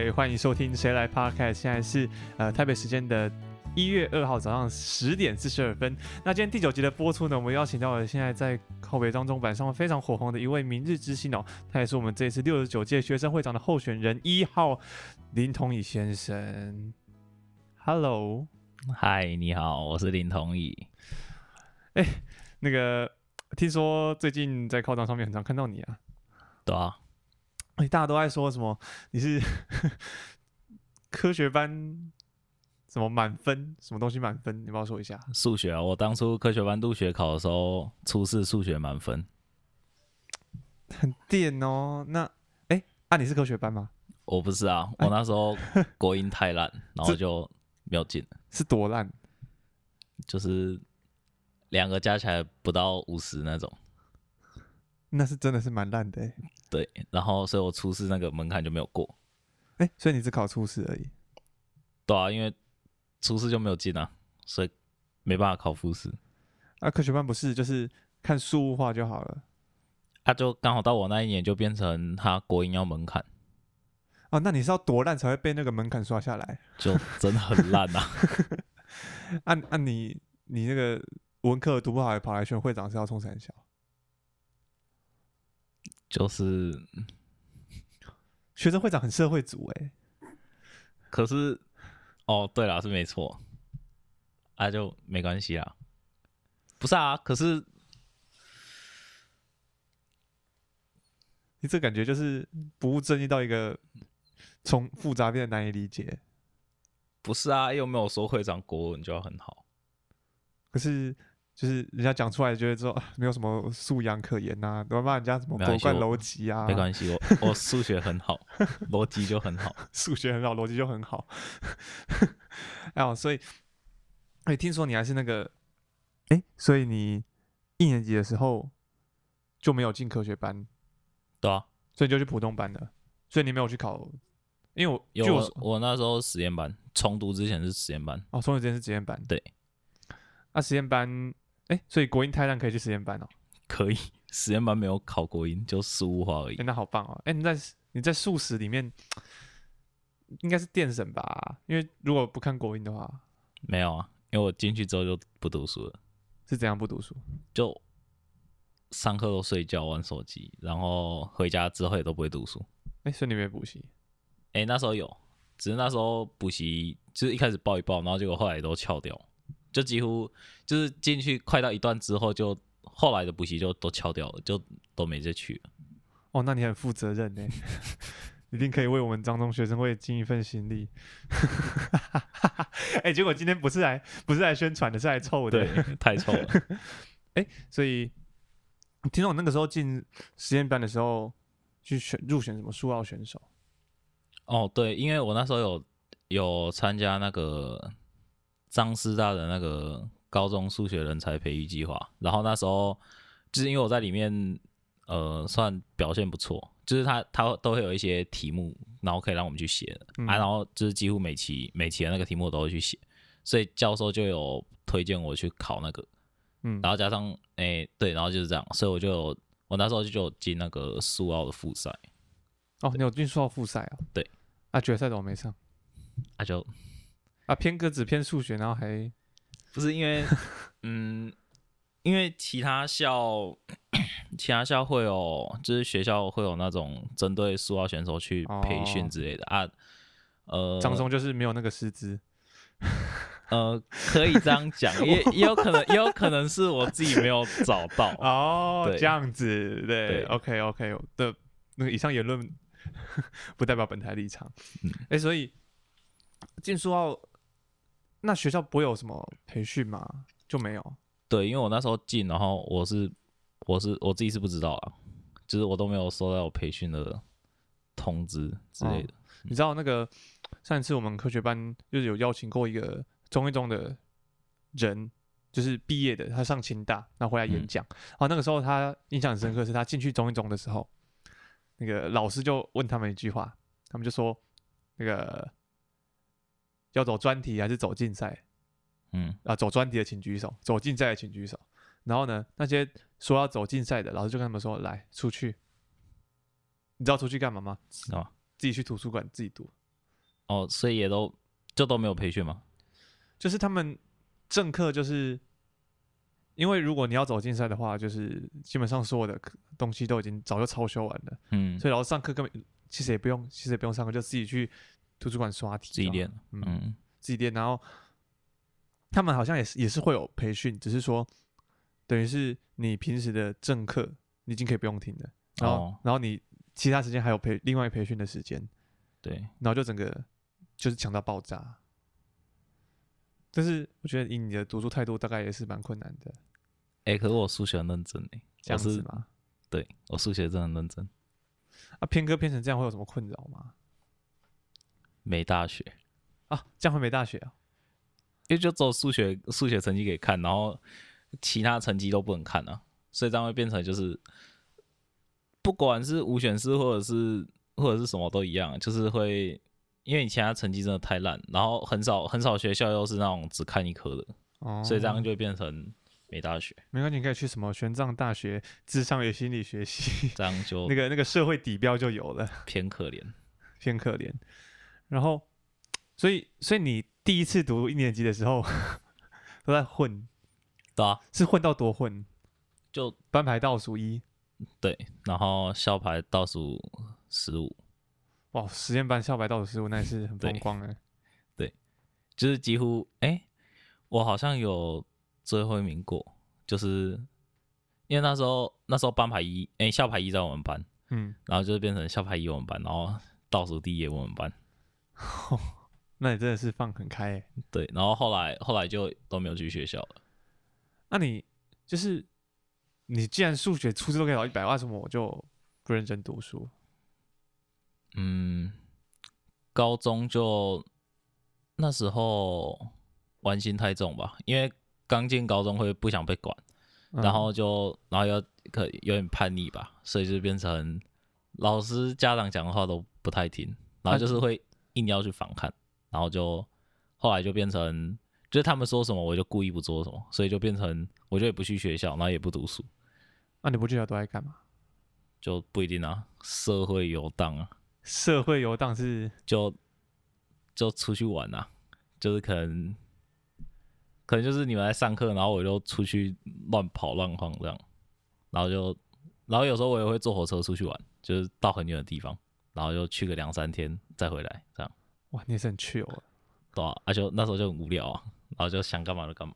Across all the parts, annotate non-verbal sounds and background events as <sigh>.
可以歡迎收聽《誰來 Podcast》。現在是呃台北時間的一月二號早上十點四十二分。那今天第九集的播出呢，我們邀請到了現在在靠北彰中版上非常火紅的一位明日之星哦，他也是我們這次六十九屆學生會長的候選人一號林桐以先生。Hello，嗨，你好，我是林桐以。哎、欸，那個聽說最近在靠北上面很常看到你啊？對啊。哎，大家都在說什麼？你是科學班什麼滿分？什麼東西滿分？你幫我說一下。數學啊！我當初科學班入學考的時候，初試數學滿分，很電哦。那哎，啊，你是科學班嗎？我不是啊，我那時候國英太爛，啊、然後就這沒有進。是多爛？就是兩個加起來不到五十那種。那是真的是蠻爛的，欸，對，然後所以我初試那個門檻就沒有過，哎，欸，所以你只考初試而已？對啊，因為初試就沒有進啊，所以沒辦法考複試。啊，科學班不是就是看數物化就好了？啊就剛好到我那一年就變成他國英要門檻。哦，啊，那你是要多爛才會被那個門檻刷下來？就真的很爛啊！按按、 <laughs> 啊啊，你你那個文科讀不好，跑來選會長是要衝三小？就是學生會長很社會組欸，可是哦，對了，是沒錯，啊，就沒關係啦，不是啊，可是你這感覺就是不務正業到一個從複雜變得難以理解，不是啊，又沒有說會長國文就要很好，可是。就是人家講出來，覺得說沒有什麼素養可言吶、啊，都罵人家什麼博冠邏輯啊沒？沒關係，我我數學很好，邏輯 <laughs> 就很好，數 <laughs> 學很好，邏輯就很好。啊、 <laughs> 哎，所以哎、欸，聽說你還是那個，哎、欸，所以你一年級的時候就沒有進科學班，對啊，所以就去普通班的，所以你沒有去考，因為我有了我，我那時候實驗班，重讀之前是實驗班，哦，重讀之前是實驗班，對，那、啊、實驗班。哎、欸，所以國英太爛，可以去實驗班哦、喔。可以，實驗班沒有考國英，就實物化而已。欸、那好棒哦、喔！哎、欸，你在你在素食裡面，應該是電神吧？因為如果不看國英的話，沒有啊。因為我進去之後就不讀書了，是怎樣不讀書？就上課都睡覺玩手機，然後回家之後也都不會讀書。哎、欸，所以你沒補習？哎、欸，那時候有，只是那時候補習就是一開始報一報，然後結果後來也都翹掉。就幾乎就是進去快到一段之後，就後來的補習就都敲掉了，就都沒再去了。哦，那你很負責任呢！ <laughs> 一定可以為我們彰中學生會盡一份心力。哎、 <laughs> 欸，結果今天不是來不是來宣傳的，是來臭的。對，太臭了。哎、 <laughs> 欸，所以你聽說我那個時候進實驗班的時候，去選入選什麼數奧選手？哦，對，因為我那時候有有參加那個。彰師大的那個高中數學人才培育計劃，然後那時候就是因為我在裡面，呃，算表現不錯，就是他他都會有一些題目，然後可以讓我們去寫、嗯、啊，然後就是幾乎每期每期的那個題目我都會去寫，所以教授就有推薦我去考那個，嗯，然後加上哎、欸、對，然後就是這樣，所以我就有我那時候就進那個數奧的複賽，哦，你有進數奧複賽啊？對，啊，決賽怎麼沒上？阿、啊、就。啊，偏科，只偏數學，然後還不是因為，嗯，因為其他校其他校會有，就是學校會有那種針對數奧選手去培訓之類的、哦、啊。呃，彰中就是沒有那個師資。呃，可以這樣講， <laughs> 也也有可能，也有可能是我自己沒有找到 <laughs> 哦。對這樣子，對，對，OK OK，的，那個以上言論 <laughs> 不代表本台立場。嗯，哎、欸，所以進數奧。那學校不會有什麼培訓嗎？就沒有。對，因為我那時候進，然後我是我是我自己是不知道啊，就是我都沒有收到有培訓的通知之類的。哦、你知道那個上一次我們科學班就是有邀請過一個中一中的人，就是畢業的，他上清大，然後回來演講。啊、嗯，然後那個時候他印象很深刻，是他進去中一中的時候，那個老師就問他們一句話，他們就說那個。要走專題還是走競賽？嗯，啊，走專題的請舉手，走競賽的請舉手。然後呢，那些說要走競賽的老師就跟他們說：“來，出去。”你知道出去幹嘛嗎？啊、哦，自己去圖書館自己讀。哦，所以也都就都沒有培訓嗎？就是他們正課，就是因為如果你要走競賽的話，就是基本上所有的東西都已經早就超修完了。嗯，所以老師上課根本其實也不用，其實也不用上課，就自己去圖書館刷題，自己練，嗯，自己練。然後他們好像也是也是會有培訓，只是說，等於是你平時的正課，你已經可以不用聽了。然後，哦、然後你其他時間還有培另外培訓的時間。對。然後就整個就是強到爆炸。但是我覺得以你的讀書態度，大概也是蠻困難的。哎、欸，可是我數學很認真誒、欸，我是對我數學真的很認真。啊，偏科偏成這樣會有什麼困擾嗎？沒大學啊，這樣會沒大學啊，因為就只有數學，數學成績可以看，然後其他成績都不能看啊。所以這樣會變成就是，不管是五選四或者是或者是什麼都一樣，就是會因為你其他成績真的太爛，然後很少很少學校又是那種只看一科的，哦，所以這樣就會變成沒大學。沒關係，你可以去什麼玄奘大學智商與心理學系，這樣就那個那個社會底標就有了，偏可憐，偏可憐。然後，所以，所以你第一次讀一年級的時候 <laughs> 都在混，對啊，是混到多混，就班排倒數一，對，然後校排倒數十五，哇，實驗班校排倒數十五，那也是很風光的，對，就是幾乎，哎、欸，我好像有最後一名過，就是因為那時候那時候班排一，哎、欸，校排一在我們班，嗯，然後就變成校排一我們班，然後倒數第一也我們班。哦， <laughs> 那你真的是放很開耶。對，然後後來後來就都沒有去學校了。那你就是你既然數學、初試都可以考一百，為什麼我就不認真讀書？嗯，高中就那時候玩心太重吧，因為剛進高中會不想被管，嗯、然後就然後又可有點叛逆吧，所以就變成老師、家長講的話都不太聽，然後就是會、嗯。硬要去反抗，然後就後來就變成，就是他們說什麼我就故意不做什麼，所以就變成我就也不去學校，然後也不讀書。那、啊、你不去學校都愛幹嘛？就不一定啊，社會遊蕩啊。社會遊蕩是就就出去玩吶、啊，就是可能可能就是你們在上課，然後我就出去亂跑亂晃這樣，然後就然後有時候我也會坐火車出去玩，就是到很遠的地方，然後就去個兩三天。再回來這樣，哇，你也是很 chill 啊！對啊，而、啊、且那時候就很無聊啊，然後就想幹嘛就幹嘛。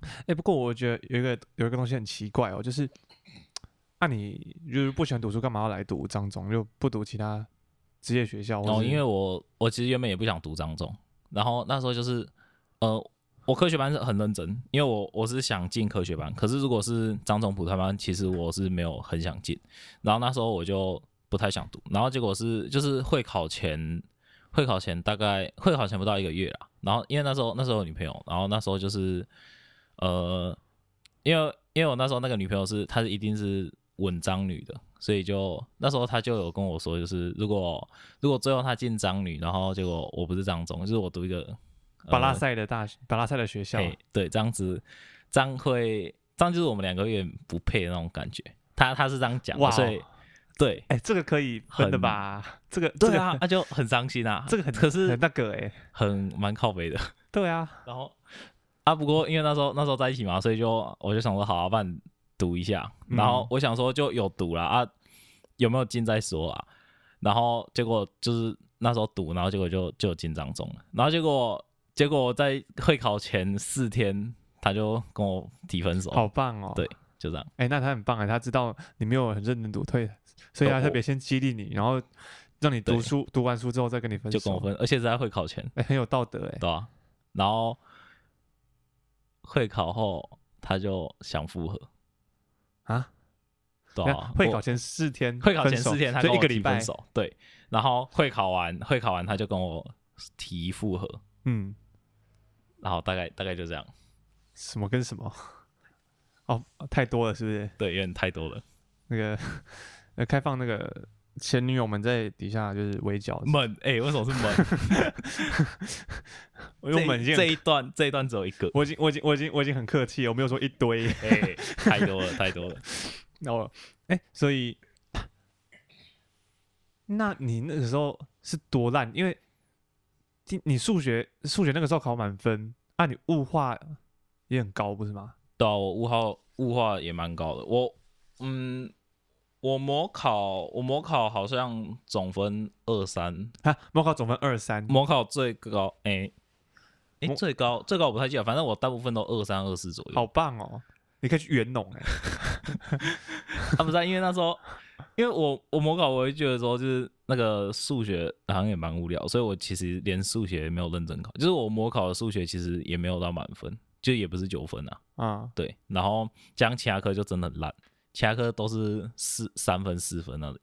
哎、欸，不過我覺得有一個有一個東西很奇怪哦，就是，那、啊、你就是不喜歡讀書，幹嘛要來讀彰中，就不讀其他職業學校？哦，因為我我其實原本也不想讀彰中，然後那時候就是，呃，我科學班是很認真，因為我我是想進科學班，可是如果是彰中普通班，其實我是沒有很想進，然後那時候我就。不太想讀，然後結果是就是會考前，會考前大概會考前不到一個月啦。然後因為那時候那時候有女朋友，然後那時候就是呃，因為因為我那時候那個女朋友是她一定是穩彰女的，所以就那時候她就有跟我說，就是如果如果最後她進彰女，然後結果我不是彰中，就是我讀一個、呃、巴拉塞的大學，巴拉塞的學校，對，這樣子這樣會這樣就是我們兩個有點不配的那種感覺，她她是這樣講的，Wow 所以。對，哎、欸，這個可以分的吧？很這個，這個、對啊，那、啊、就很傷心啊。 <laughs> 這個很，可是很那個哎、欸，很蠻靠北的。對啊，然後啊，不過因為那時候那時候在一起嘛，所以就我就想說好、啊，好好辦，讀一下。然後我想說就有讀了啊，有沒有進再說啊？然後結果就是那時候讀，然後結果就就進彰中了。然後結果結果在會考前四天，他就跟我提分手。好棒哦！對，就這樣。哎、欸，那他很棒啊、欸，他知道你沒有很認真讀退的。所以他、啊、特別先激勵你，然後讓你讀書，對讀完書之後，再跟你分就跟我分，而且在會考前，欸、很有道德、欸、對、啊、然後會考後他就想複合。啊？對啊，我會考前四天。會考前四天他，他就一個禮拜。對。然後會考完，會考完他就跟我提複合。嗯。然後大概大概就這樣。什麼跟什麼？哦，太多了是不是？對，有點太多了。那個。 <laughs> 呃，開放那個前女友們在底下就是圍剿猛哎、欸，為什麼是猛？ <laughs> <laughs> 我用猛勁，這一段這一段只有一個我，我已經我已經我已經我已經很客氣我沒有說一堆，哎、 <laughs> 欸，太多了太多了。那我誒，所以，那你那個時候是多爛？因為你數學數學那個時候考滿分啊，你物化也很高不是嗎？對、啊我物，物化物化也蠻高的。我嗯。我模考，我模考好像總分二三，哈，模考總分二三，模考最高 A，哎，欸欸、摩 最高最高我不太記得，反正我大部分都二三二四左右，好棒哦，你可以去員農哎， <laughs> 啊不是啊因為那時候，因為我我模考，我會覺得說就是那個數學好像也蠻無聊，所以我其實連數學也沒有認真考，就是我模考的數學其實也沒有到滿分，就也不是九分啊，啊、嗯、對，然後加上其他科就真的很爛。其他科都是四三分四分那裡，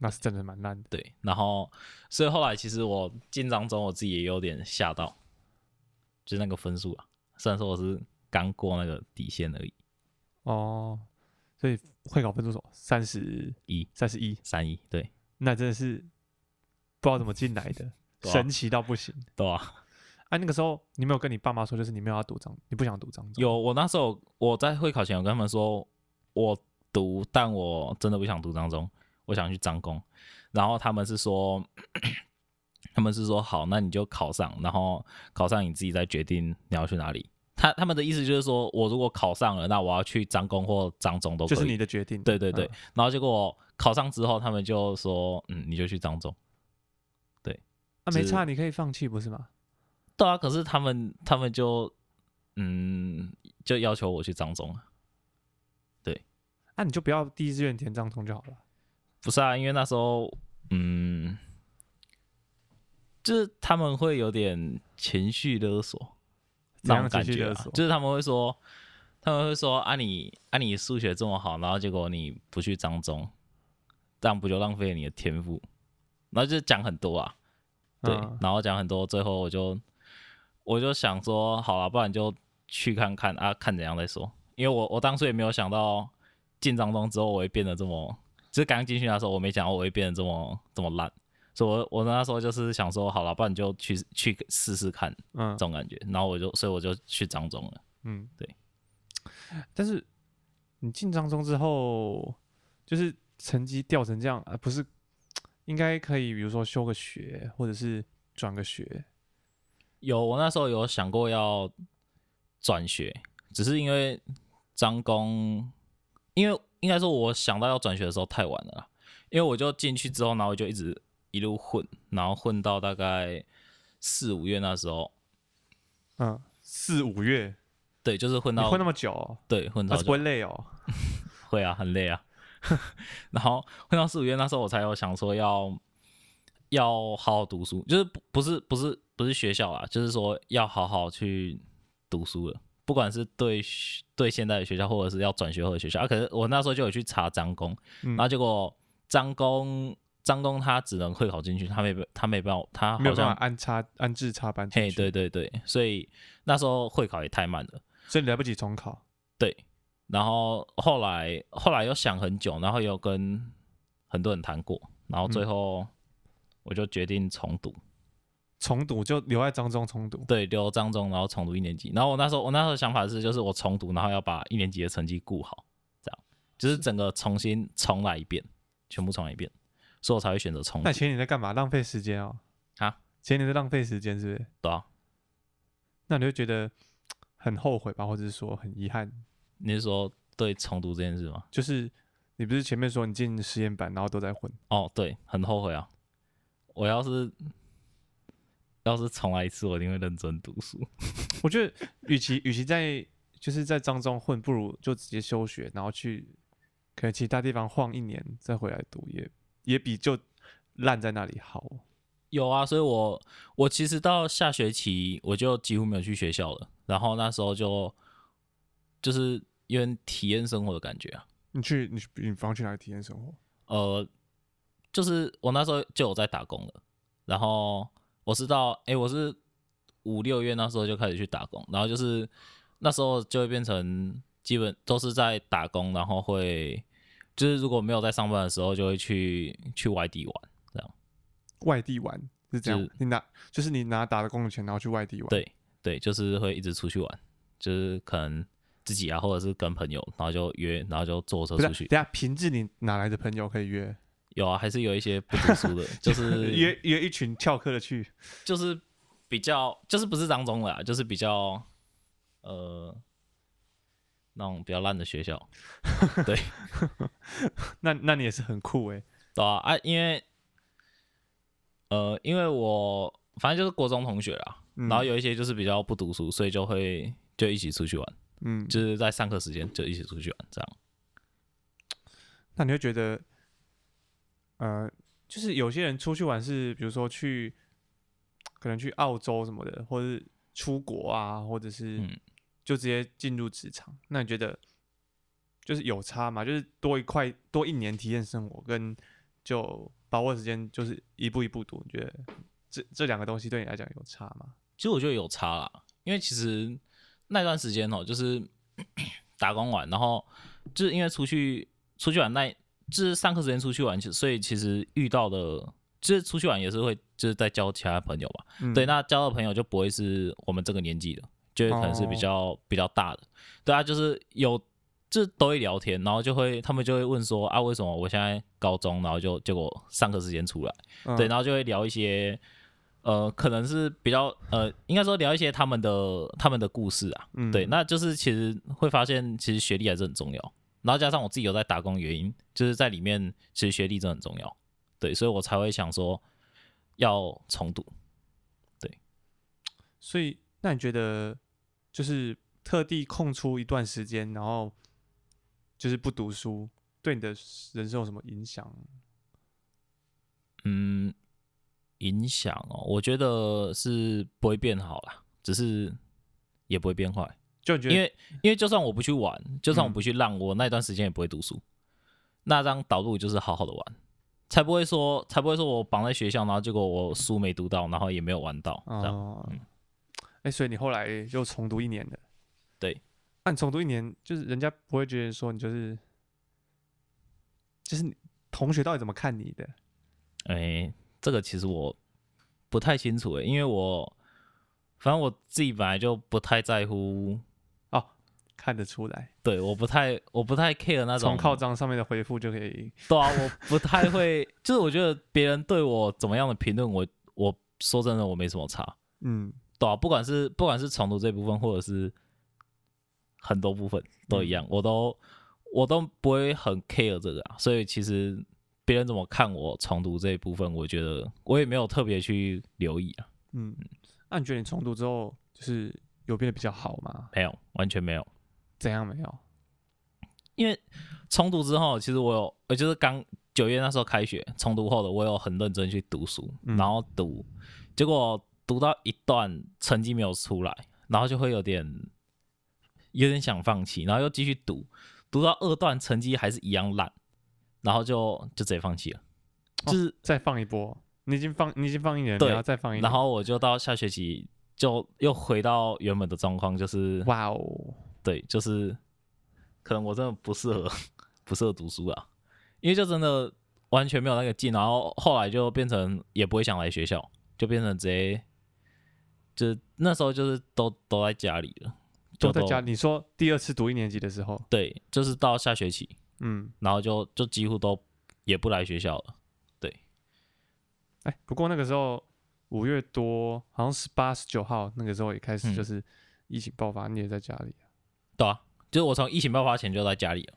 那是真的蠻難。對，然後所以後來其實我進彰中，我自己也有點嚇到，就那個分數啊，雖然說我是剛過那個底線而已。哦，所以會考分數三十一，三十一，三一，對，那真的是不知道怎麼進來的，神奇到不行，對啊，哎，那個時候你沒有跟你爸媽說，就是你沒有要讀彰，你不想讀彰有，我那時候我在會考前，我跟他們說。我讀，但我真的不想讀彰中，我想去彰工。然後他們是說咳咳，他們是說好，那你就考上，然後考上你自己再決定你要去哪裡。他他們的意思就是說，我如果考上了，那我要去彰工或彰中都可以，就是你的決定。對對對。啊、然後結果考上之後，他們就說，嗯，你就去彰中。對，啊，沒差，你可以放棄，不是嗎？對啊，可是他們他們就，嗯，就要求我去彰中那、啊、你就不要第一志願填彰中就好了，不是啊？因為那時候，嗯，就是他們會有點情緒勒索，這樣感覺、啊，勒索就是他們會說，他們會說啊，你啊你數、啊、學這麼好，然後結果你不去彰中，這樣不就浪費了你的天賦？然後就講很多啊，對，啊、然後講很多，最後我就我就想說，好了，不然就去看看啊，看怎樣再說，因為我我當時也沒有想到。進彰中之後，我會變得這麼，就是剛進去的時候，我沒想過我會變得這麼這麼爛，所以我我那時候就是想說，好了，不然你就去去試試看，嗯，這種感覺。然後我就，所以我就去彰中了，嗯，對。但是你進彰中之後，就是成績掉成這樣，而、呃、不是，應該可以，比如說休個學，或者是轉個學。有，我那時候有想過要轉學，只是因為彰工。因為應該說，我想到要轉學的時候太晚了，因為我就進去之後，然後我就一直一路混，然後混到大概四五月那時候，嗯，四五月，對，就是混到混那麼久、哦，對，混到不會累哦，會 <laughs> 啊，很累啊，然後混到四五月那時候，我才有想說要要好好讀書，就是不不是不是不是學校啊，就是說要好好去讀書了。不管是對對現在的學校，或者是要轉學後的學校啊，可是我那時候就有去查彰工，嗯、然後結果彰工彰工他只能會考進去，他沒他沒辦法，他沒有辦法安插安置插班。嘿，對對對，所以那時候會考也太慢了，所以來不及重考。對，然後後來後來又想很久，然後又跟很多人談過，然後最後我就決定重讀。嗯重讀就留在彰中重讀，對，留彰中，然後重讀一年級。然後我那時候，我那時候想法是，就是我重讀，然後要把一年級的成績顧好，這樣，就是整個重新重來一遍，全部重來一遍，所以我才會選擇重讀。那前年在幹嘛？浪費時間哦。啊，前年在浪費時間，是不是？對啊。那你會覺得很後悔吧？或者是說很遺憾？你是說對重讀這件事嗎？就是你不是前面說你進實驗班，然後都在混？哦，對，很後悔啊。我要是。要是重來一次，我一定會認真讀書。 <laughs> 我覺得與，與其與其在就是在彰中混，不如就直接休學，然後去可能其他地方晃一年，再回來讀也，也也比就爛在那裡好。有啊，所以我，我我其實到下學期我就幾乎沒有去學校了。然後那時候就就是有點體驗生活的感覺啊。你去你你不妨去哪裡體驗生活？呃，就是我那時候就有在打工了，然後。我是到哎、欸，我是五六月那時候就開始去打工，然後就是那時候就會變成基本都是在打工，然後會就是如果沒有在上班的時候，就會去去外地玩，這樣。外地玩是這樣，就是、你拿就是你拿打的工的錢，然後去外地玩。對對，就是會一直出去玩，就是可能自己啊，或者是跟朋友，然後就約，然後就坐車出去。啊、等下，憑著，你哪來的朋友可以約？有啊，還是有一些不讀書的， <laughs> 就是約約一群翹課的去，就是比較就是不是彰中的啊，就是比較呃那種比較爛的學校。 <laughs> 對， <laughs> 那那你也是很酷哎、欸，對啊，啊，因為呃，因為我反正就是國中同學啦，嗯、然後有一些就是比較不讀書，所以就會就一起出去玩，嗯，就是在上課時間就一起出去玩這樣。那你會覺得？呃，就是有些人出去玩是，比如說去，可能去澳洲什麼的，或者出國啊，或者是就直接進入職場。嗯、那你覺得就是有差嗎？就是多一塊多一年體驗生活，跟就把握時間，就是一步一步讀，你覺得這這兩個東西對你來講有差嗎？其實我覺得有差啦，因為其實那段時間哦、喔，就是打工玩，然後就是因為出去出去玩那。就是上課時間出去玩，所以其實遇到的，就是出去玩也是會，就是在交其他朋友嘛，嗯、對，那交的朋友就不會是我們這個年紀的，就會可能是比較、哦、比較大的。對啊，就是有，就是、都會聊天，然後就會他們就會問說啊，為什麼我現在高中，然後就結果上課時間出來，嗯、對，然後就會聊一些，呃，可能是比較呃，應該說聊一些他們的他們的故事啊。嗯、對，那就是其實會發現，其實學歷還是很重要。然後加上我自己有在打工，原因就是在裡面，其實學歷真的很重要，對，所以我才會想說要重讀，對，所以那你覺得就是特地空出一段時間，然後就是不讀書，對你的人生有什麼影響？嗯，影響喔，我覺得是不會變好啦，只是也不會變壞。就因為，因為就算我不去玩，就算我不去浪，嗯、我那段時間也不會讀書。那張導入就是好好的玩，才不會說，才不會說我綁在學校，然後結果我書沒讀到，然後也沒有玩到、哦、這樣哎、嗯欸，所以你後來又重讀一年的。對，那、啊、你重讀一年，就是人家不會覺得說你就是，就是你同學到底怎麼看你的？哎、欸，這個其實我不太清楚哎、欸，因為我反正我自己本來就不太在乎。看得出來，對，我不太我不太 care 那種。從靠章上面的回復就可以。對啊，我不太會， <laughs> 就是我覺得別人對我怎麼樣的評論，我我說真的，我沒什麼差。嗯，對啊，不管是不管是重讀這部分，或者是很多部分都一樣，嗯、我都我都不會很 care 這個、啊。所以其實別人怎麼看我重讀這一部分，我覺得我也沒有特別去留意啊。嗯，那你覺得你重讀之後，就是有變得比較好嗎？沒有，完全沒有。怎樣沒有？因為重讀之後，其實我有，我就是剛九月那時候開學重讀後的，我有很認真去讀書，嗯、然後讀，結果讀到一段成績沒有出來，然後就會有點有點想放棄，然後又繼續讀，讀到二段成績還是一樣爛，然後就就直接放棄了，哦、就是再放一波，你已經放，你已經放一年，對，再放一年，然後我就到下學期就又回到原本的狀況，就是哇哦。對，就是，可能我真的不適合，不適合讀書啊，因為就真的完全沒有那個勁，然後後來就變成也不會想來學校，就變成直接，就那時候就是都都在家裡了，都，都在家。你說第二次讀一年級的時候，對，就是到下學期，嗯，然後就就幾乎都也不來學校了，對。哎、欸，不過那個時候五月多，好像十八十九號，那個時候也開始就是疫情爆發，你也在家裡啊？對啊，就是我從疫情爆發前就在家裡了，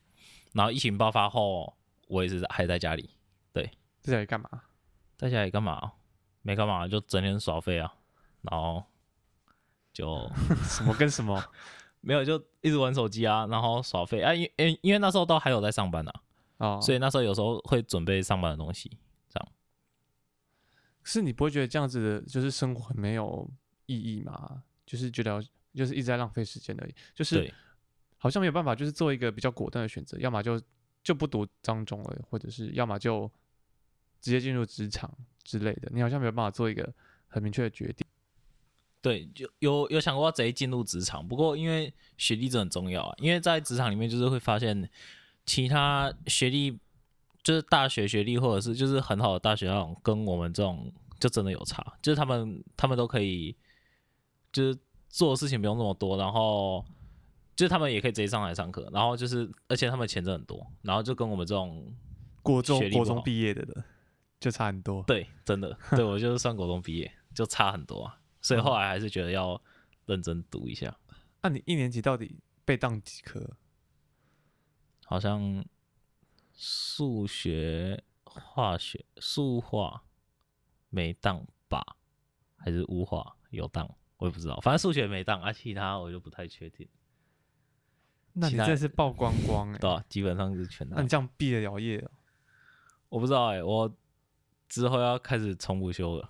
然後疫情爆發後，我也是還在家裡。對，在家裡幹嘛？在家裡幹嘛？沒幹嘛，就整天耍廢啊，然後就 <laughs> 什麼跟什麼， <laughs> 沒有，就一直玩手機啊，然後耍廢啊。因為、欸、因為那時候都還有在上班啊，哦、所以那時候有時候會準備上班的東西，這樣。是你不會覺得這樣子的就是生活很沒有意義嗎？就是覺得就是一直在浪費時間而已，就是。好像沒有辦法，就是做一個比較果斷的選擇，要麼就就不讀彰中了，或者是要麼就直接進入職場之類的。你好像沒有辦法做一個很明確的決定。對，有有有想過要直接進入職場，不過因為學歷真的很重要啊，因為在職場裡面就是會發現，其他學歷就是大學學歷或者是就是很好的大學那種，跟我們這種就真的有差，就是他們他們都可以，就是做的事情不用那麼多，然後。就是他們也可以直接上來上課，然後就是，而且他們錢真很多，然後就跟我們這種學歷國中、國中畢業的人就差很多。對，真的，對我就是算國中畢業 <laughs> 就差很多啊，所以後來還是覺得要認真讀一下。那、嗯啊、你一年級到底被當幾科？好像數學、化學、數化沒當吧？還是物化有當？我也不知道，反正數學沒當，啊，其他我就不太確定。那你這是曝光光哎，對，基本上是全。那你這樣畢得了業哦？我不知道哎、欸，我之後要開始重補修了，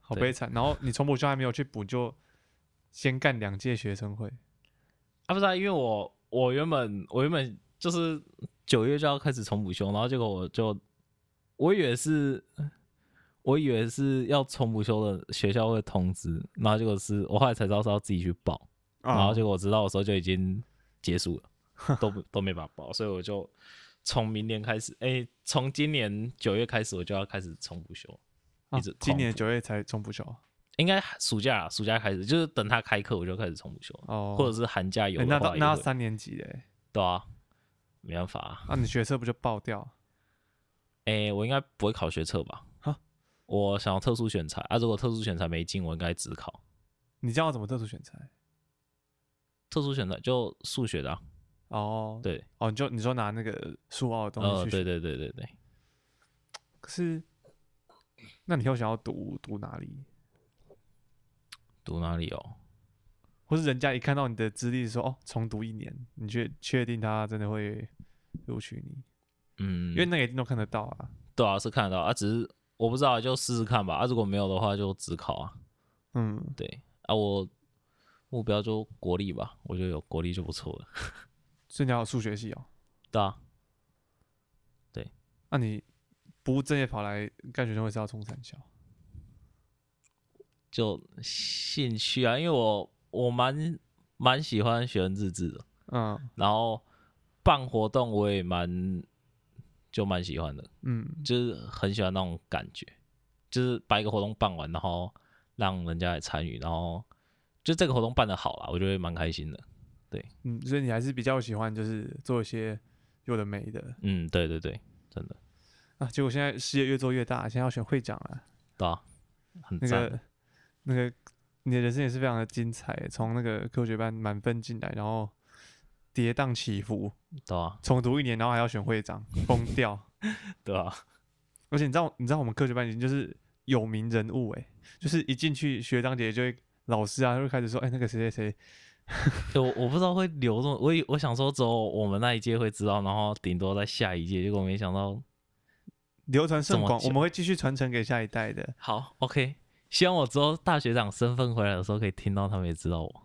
好悲慘。對然後你重補修還沒有去補，就先幹兩屆學生會。 <laughs> 啊，不知道，因為我我原本我原本就是九月就要開始重補修，然後結果我就我以為是我以為是要重補修的學校會通知，然後結果是我後來才知道是要自己去報，啊、然後結果我知道的時候就已經。結束了，都都沒法報，所以我就從明年開始，哎、欸，從今年九月開始，我就要開始重補修，啊、一直。今年九月才重補修？欸、應該暑假，暑假開始，就是等他開課，我就開始重補修，哦、或者是寒假有，、欸。那那要三年級嘞？對啊，沒辦法啊，那、啊、你學測不就爆掉？哎、欸，我應該不會考學測吧？哈我想要特殊選才啊，如果特殊選才沒進，我應該只考。你教我怎麼特殊選才？特殊選擇就數學的、啊、哦，對哦，就你說拿那個數奧的東西去對、哦、對對對對。可是，那你要想要讀讀哪裡？讀哪裡哦？或是人家一看到你的資歷說：“哦，重讀一年。你”你確確定他真的會錄取你？嗯，因為那個一定都看得到啊，對啊，是看得到啊，只是我不知道，就試試看吧。啊，如果沒有的話，就指考啊。嗯，對啊，我。目標就國立吧，我覺得有國立就不錯了。 <laughs> 所以你還有數學系哦？對啊，對。那你不務正業跑來幹學生會是要衝三小？就興趣啊，因為我我蠻蠻喜歡學生自治的，嗯，然後辦活動我也蠻就蠻喜歡的，嗯，就是很喜歡那種感覺，就是把一個活動辦完，然後讓人家來參與，然後。就這個活動辦得好啦，我覺得蠻開心的。對，嗯，所以你還是比較喜歡就是做一些有的沒的。嗯，對對對，真的啊！結果現在事業越做越大，現在要選會長了。對啊，很那個那個，那個、你的人生也是非常的精彩。從那個科學班滿分進來，然後跌宕起伏。對啊，重讀一年，然後還要選會長，瘋掉。對啊，而且你知道你知道我們科學班已經就是有名人物誒、欸，就是一進去學長姐就會。老師啊，就會開始說：“哎、欸，那個誰誰誰，我我不知道會留什麼。我我想說，只有、我們那一屆會知道，然後頂多在下一屆。結果沒想到流傳甚廣，我們會繼續傳承給下一代的。好”好，OK。希望我之後大學長身份回來的時候，可以聽到他們也知道我。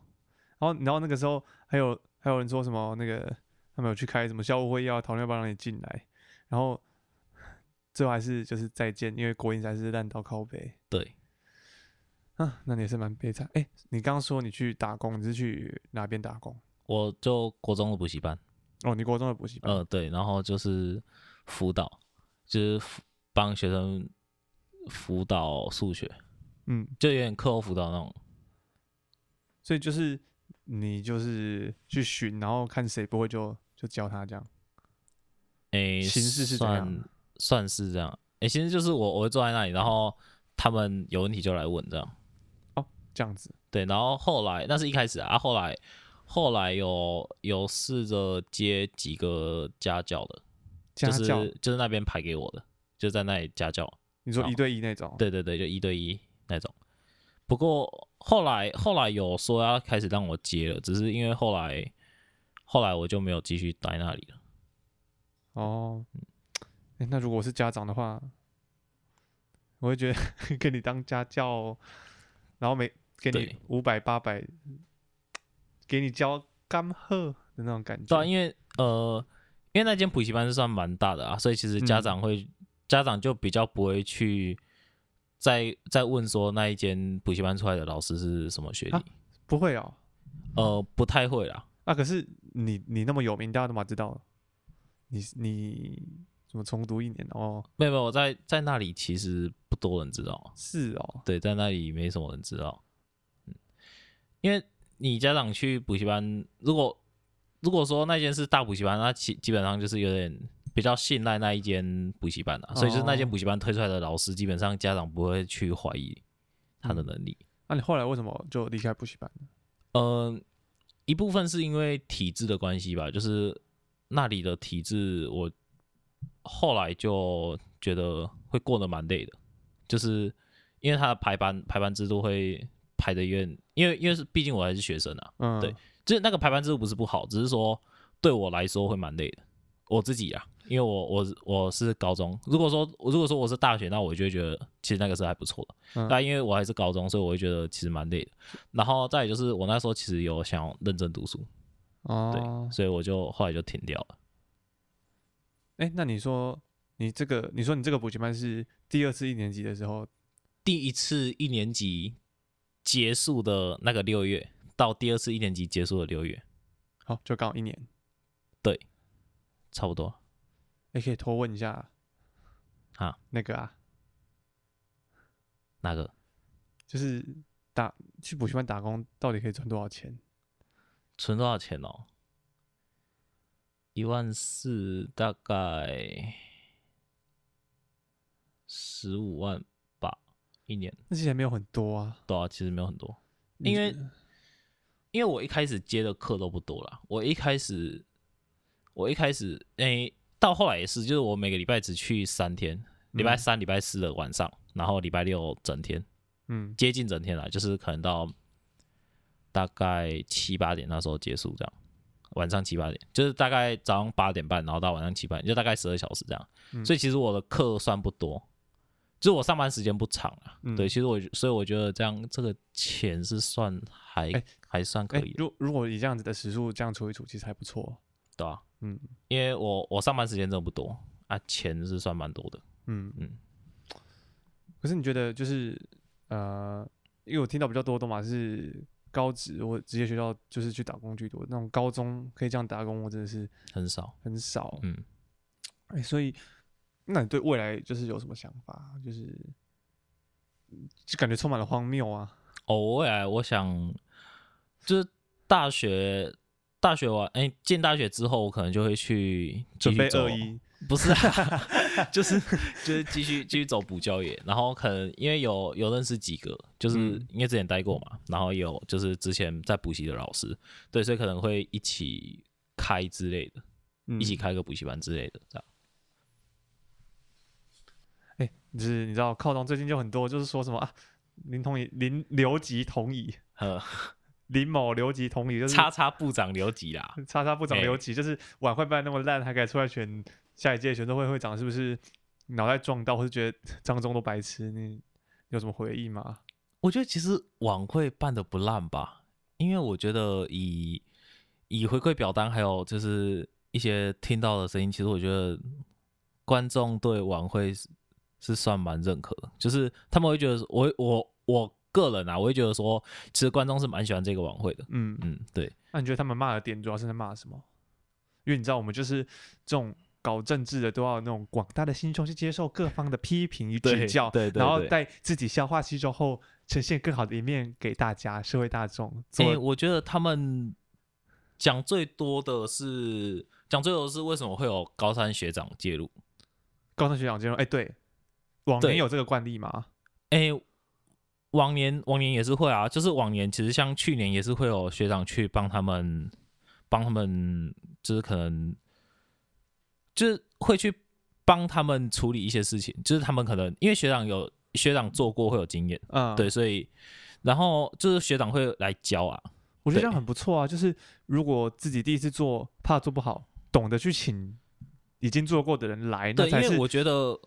然後，然後那個時候還有還有人說什麼，那個他們有去開什麼校務會，要討論要讓你進來。然後最後還是就是再見，因為國營才是爛到靠北，對。啊，那你也是蠻悲慘。哎，你剛剛說你去打工，你是去哪邊打工？我就國中的補習班。哦，你國中的補習班。呃，對，然後就是輔導，就是幫學生輔導數學，嗯，就有點課後輔導那種。所以就是你就是去尋，然後看誰不會就就教他這樣。哎誒，其實是這樣算，算是這樣。哎，其實就是我我會坐在那裡，然後他們有問題就來問這樣。這樣子，對，然後後來那是一開始啊，後來後來有有試着接幾個家教的，教就是就是那邊排給我的，就在那裡家教。你說一對一那種？對對對，就一對一那種。不過後來後來有說要、啊、開始讓我接了，只是因為後來後來我就沒有繼續待那裡了。哦，哎、欸，那如果是家長的話，我會覺得給你當家教，然後沒。給你五百八百，給你教干賀的那種感覺。對啊，因為呃，因為那間補習班是算蠻大的啊，所以其實家長會、嗯、家長就比較不會去再再問說那一間補習班出來的老師是什麼學歷、啊。不會哦，呃，不太會啦。啊，可是你你那麼有名，大家都嘛知道。你你怎麼重讀一年哦沒？沒有沒有，我在在那裡其實不多人知道。是哦。對，在那裡沒什麼人知道。因為你家長去補習班，如果如果說那間是大補習班，那基基本上就是有點比較信賴那一間補習班的、啊，哦、所以就是那間補習班推出來的老師，基本上家長不會去懷疑他的能力。那、嗯啊、你後來為什麼就離開補習班呢？嗯、呃，一部分是因為體制的關係吧，就是那裡的體制，我後來就覺得會過得蠻累的，就是因為他的排班排班制度會。排的院，因為因為是畢竟我還是學生啊，嗯、對，就是那個排班制度不是不好，只是說對我來說會蠻累的。我自己啊，因為我我我是高中，如果說如果說我是大學，那我就會覺得其實那個時候還不錯。嗯、但因為我還是高中，所以我會覺得其實蠻累的。然後再來就是我那時候其實有想要認真讀書，哦、對，所以我就後來就停掉了。哎、欸，那你說你這個，你說你這個補習班是第二次一年級的時候，第一次一年級，結束的那個六月到第二次一年級結束的六月，好，就剛好一年，對，差不多。你、欸、可以偷問一下啊，那個啊，哪個？就是打去補習班打工，到底可以賺多少錢？存多少錢哦？一萬四，大概十五萬。一年，那其實沒有很多啊。對啊，其實沒有很多，因為是因為我一開始接的課都不多啦。我一開始，我一開始，誒、欸，到後來也是，就是我每個禮拜只去三天，禮拜三、禮、嗯、拜四的晚上，然後禮拜六整天，嗯，接近整天啦，就是可能到大概七八點那時候結束這樣，晚上七八點，就是大概早上八點半，然後到晚上七八點，就大概十二小時這樣。嗯、所以其實我的課算不多。就是我上班時間不長啊，嗯、對，其實我所以我覺得這樣，這個錢是算還、欸、還算可以、欸。如如果你這樣子的時數這樣除一除，其實還不錯。對、啊、嗯，因為我我上班時間真的不多啊，錢是算蠻多的。嗯嗯。嗯可是你覺得就是呃，因為我聽到比較多的嘛，是高職或職業學校，就是去打工居多。那種高中可以這樣打工，我真的是很少很少。嗯。哎、欸，所以。那你對未來就是有什麼想法？就是就感覺充滿了荒謬啊！哦，未來我想就是大學大學完，哎、欸，進大學之後，我可能就會去準備二一，不是啊，啊、 <laughs> 就是，就是就是繼續繼續走補教業，然後可能因為有有認識幾個，就是因為之前待過嘛，嗯、然後也有就是之前在補習的老師，對，所以可能會一起開之類的，嗯、一起開個補習班之類的這樣。就是你知道，靠中最近就很多，就是說什麼啊，林同椅、林留級同椅，林某留級同意就是叉叉部長留級啦，叉叉部長留級，就是晚會辦那麼爛，還敢出來選下一屆學生會會長，是不是腦袋撞到？或是覺得彰中都白痴，你有什麼回憶嗎？我覺得其實晚會辦得不爛吧，因為我覺得以以回饋表單，還有就是一些聽到的聲音，其實我覺得觀眾對晚會是算蠻認可的，就是他們會覺得我我我個人啊，我會覺得說，其實觀眾是蠻喜歡這個晚會的。嗯嗯，對。那、啊、你覺得他們罵的點主要是在罵什麼？因為你知道，我們就是這種搞政治的，都要那種廣大的心胸去接受各方的批評與指教，對對，對對，然後在自己消化吸收後，呈現更好的一面給大家社會大眾。所以、欸、我覺得他們講最多的是講最多的是為什麼會有高三學長介入？高三學長介入，哎、欸，對。往年有這個慣例嗎？哎、欸，往年往年也是會啊，就是往年其實像去年也是會有學長去幫他們，幫他們就是可能就是會去幫他們處理一些事情，就是他們可能因為學長有學長做過會有經驗，嗯，對，所以然後就是學長會來教啊，我覺得這樣很不錯啊，對就是如果自己第一次做怕做不好，懂得去請已經做過的人來，那才是，對，因為我覺得。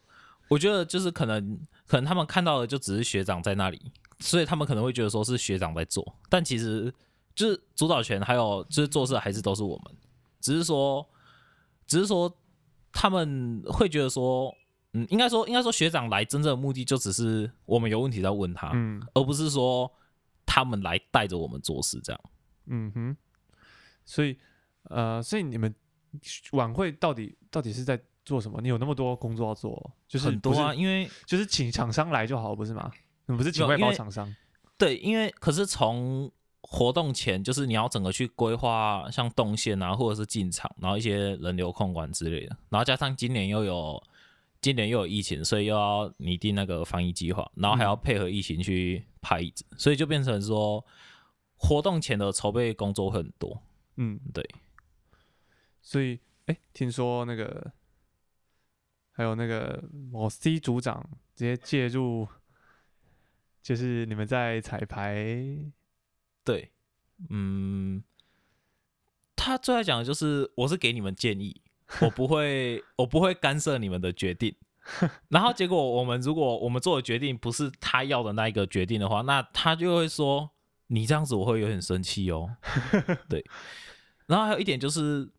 我覺得就是可能，可能他們看到的就只是學長在那裡，所以他們可能會覺得說是學長在做，但其實就是主導權還有就是做事還是都是我們，只是說，只是說他們會覺得說，嗯，應該說應該說學長來真正的目的就只是我們有問題要問他，嗯，而不是說他們來帶着我們做事這樣。嗯哼，所以呃，所以你們晚會到底到底是在？做什麼？你有那麼多工作要做，就是很多啊。是因為就是請廠商來就好，不是嗎？你不是請外包廠商。對，因為可是從活動前，就是你要整個去規劃，像動線啊，或者是進場，然後一些人流控管之類的。然後加上今年又有今年又有疫情，所以又要擬定那個防疫計劃，然後還要配合疫情去排椅子，嗯、所以就變成說活動前的籌備工作很多。嗯，對。所以，哎、欸，聽說那個。還有那個某 C 組長直接介入，就是你們在彩排，對，嗯，他最愛講的就是我是給你們建議，我不會 <laughs> 我不會干涉你們的決定， <laughs> 然後結果我們如果我們做的決定不是他要的那一個決定的話，那他就會說你這樣子我會有點生氣哦， <laughs> 對，然後還有一點就是，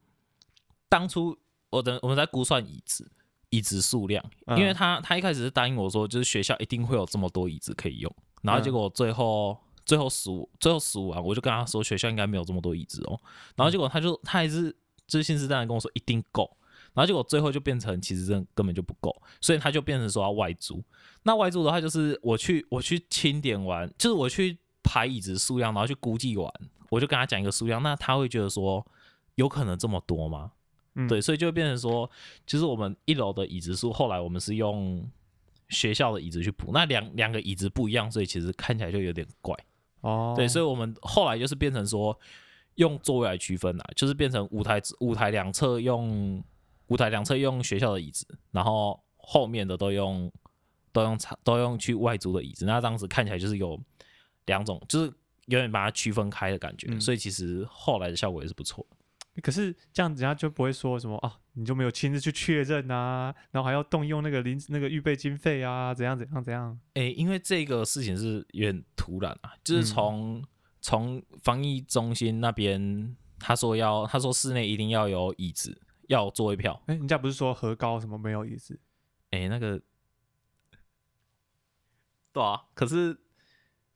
當初我的我們在估算椅子。椅子數量，因為他他一開始是答應我說，就是學校一定會有這麼多椅子可以用。然後結果最後、嗯、最後十五最後十五啊，我就跟他說學校應該沒有這麼多椅子哦。然後結果他就他還是就是信誓旦旦跟我說一定夠。然後結果最後就變成其實真根本就不夠，所以他就變成說要外租。那外租的話，就是我去我去清點完，就是我去排椅子數量，然後去估計完，我就跟他講一個數量，那他會覺得說有可能這麼多嗎？嗯，對，所以就變成說，就是我們一樓的椅子是，後來我們是用學校的椅子去補，那兩兩個椅子不一樣，所以其實看起來就有點怪。哦，對，所以我們後來就是變成說，用座位來區分了，就是變成舞台舞台兩側用舞台兩側用學校的椅子，然後後面的都用都用都用去外租的椅子，那當時看起來就是有兩種，就是有點把它區分開的感覺，所以其實後來的效果也是不錯。可是這樣，人家就不會說什麼啊，你就沒有親自去確認啊，然後還要動用那個臨那個預備經費啊，怎樣怎樣怎樣？誒、欸，因為這個事情是有點突然啊，就是從從、嗯、防疫中心那邊他說要，他說室內一定要有椅子，要座位票。誒、欸，人家不是說河高什麼沒有椅子？誒、欸，那個，對啊。可是，